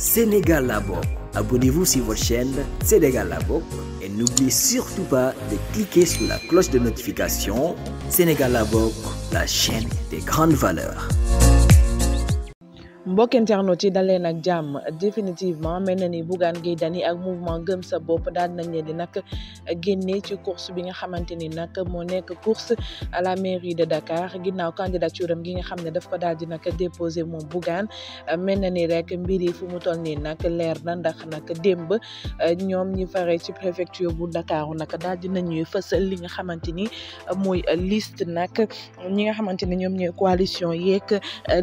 Sénégal la abonnez-vous sur votre chaîne Sénégal la et n'oubliez surtout pas de cliquer sur la cloche de notification Sénégal Labok, la chaîne des grandes valeurs mbokk internet yi dal leen ak jàmm définitivement mel na ni Bougane Gueye Dany ak mouvement gëm sa bopp daal nañ leen di nag génne ci course bi nga xamante ni nag moo nekk course à la mairie de Dakar ginnaaw candidature am gi nga xam ne daf ko daal di nag déposé moom Bougane mel na ni rek mbir yi fu mu toll nii nag leer na ndax nag démb ñoom ñi fare ci préfecture bu Dakaaru nag daal di nañuy fësal li nga xamante ni mooy liste nag ñi nga xamante ni ñoom ñooy coalition yeeg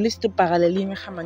liste parallèle yi nga xamante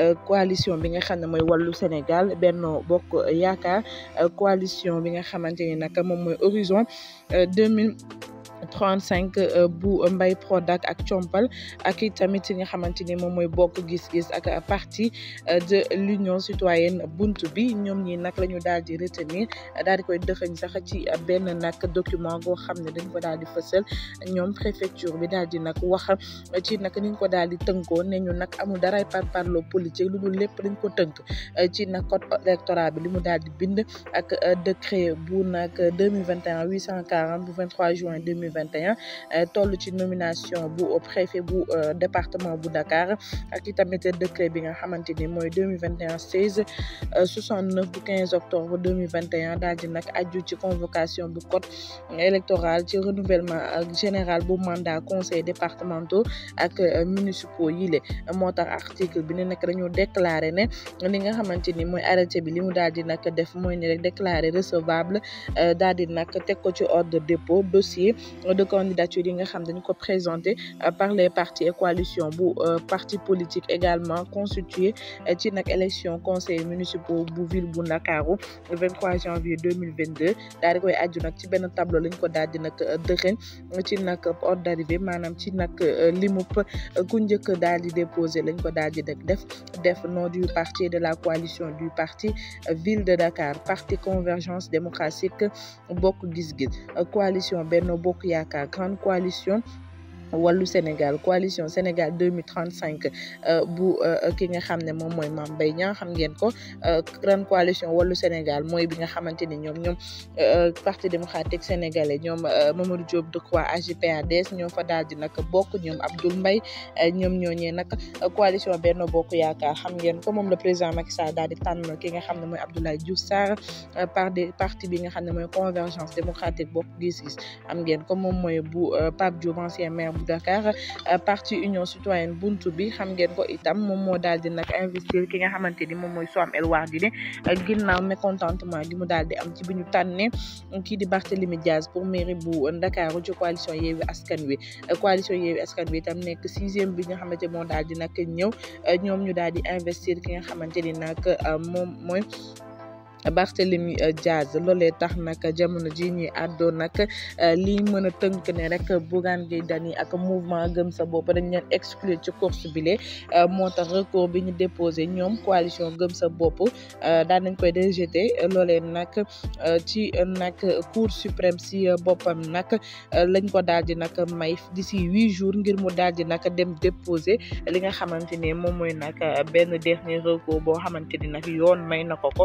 Euh, coalition bi nga xam ne mooy wàllu Sénégal Benno Bokk Yaakaar euh, coalition bi nga xamante ni nag moom Horizon 2000 euh, 35 euh, bu Mbaye Product ak Compal ak tamit ñi à maintenir mon moom mooy bokk gis-gis ak parti euh, de l'union citoyenne buntu bi ñom ñi nak lañu ñu di retenir daal di koy dëxañ sax ci ben nak document go xamne dañ ko daal di fësal préfecture bi daal di nag wax ci nak niñ ko daal di tënkoo ne ñu nag par daray parparloo politique lu dul lepp dañ ko tënk euh, ci nak code électoral bi limu de di bind ak décret bu nak 2021 840 du 23 juin 2020 2021 euh, tollu ci nomination bu préfet bu euh, département bu Dakar ak i tamit décret bi nga xamanteni moy 2021 16 69 bu 15 octobre 2021 daldi nak aju ci convocation bu code électoral ci renouvellement euh, général bu mandat conseil départementaux ak municipaux yi le moo article bi ne nag dañoo déclaré ne li nga xamanteni moy arrêté bi limu daldi nak def moy ni rek déclaré recevable daldi nak tek ko ci ordre de dépôt dossier de candidature yi nga xam dañ ko présenté euh, par les partis et coalitions bu euh, parti politique également constitué euh, ci nak élection conseil municipal bu ville bu Ndakaaru le 23 janvier 2022 daal di koy aju nak ci ben tableau lañ ko daal di nag dëxëñ ci nak ordre d'arrivée manam ci nak limub ku njëkk daal di déposer lañ ko daal di def def nom du parti de la coalition du parti ville de Dakar parti convergence démocratique bokk gis-gis coalition Benno Bokk Yaakaar grande coalition Walou Sénégal coalition Sénégal 2035 euh, bu euh, ki nga xamné mom moom mooy Mame xam ngeen euh, grande coalition Walou Sénégal moy bi nga xamanteni ñom ñom euh, parti démocratique sénégalais ñoom Mamadou Diop de quoi agpads ñoo fa daal di nag bokk Abdoul Mbaye ñoom nak coalition Benno Bokk Yaakaar xam ko mom le président Macky Sall daldi di ki nga xamné moy Abdoulaye Diouf Sarr par des parti bi nga xamné moy convergence démocratique Bok gis-gis xam ngeen ko mom moy bu Pape Diop ancien maire bu Dakar euh, parti Union Citoyenne buntu bi xam ngeen ko itam moom moo daal di nag investir ki nga xamante ni moom mooy Soham El Wardini euh, ginnaaw mécontentement gi mu daal di am ci bi ñu tànnee kii di Barthélémy Diaz pour mairie bu Ndakaaru ci coalition Yewwi Askan Wi euh, coalition Yewwi Askan Wi itam nekk sixième bi nga xamante moo daal di nag ñëw ñoom ñu daal di investir ki nga xamante ni nag moom mooy Barthélemy euh, Diaz loolee tax nag jamono ji ñuy àddoo nag euh, lii mën a tënk ne rek Bougane Gueye dani ak mouvement gëm sa bopp dañ leen exclure ci course bi euh, moo tax recours bi ñu déposé ñoom coalition gëm sa bopp daan nañ koy rejeté loolee nag ci nag cour suprême si boppam nag lañ ko daal di nag may di si huit jours ngir mu daal di nag dem déposé li nga xamante ne moom mooy nag benn dernier recours boo xamante ni nag yoon may na ko ko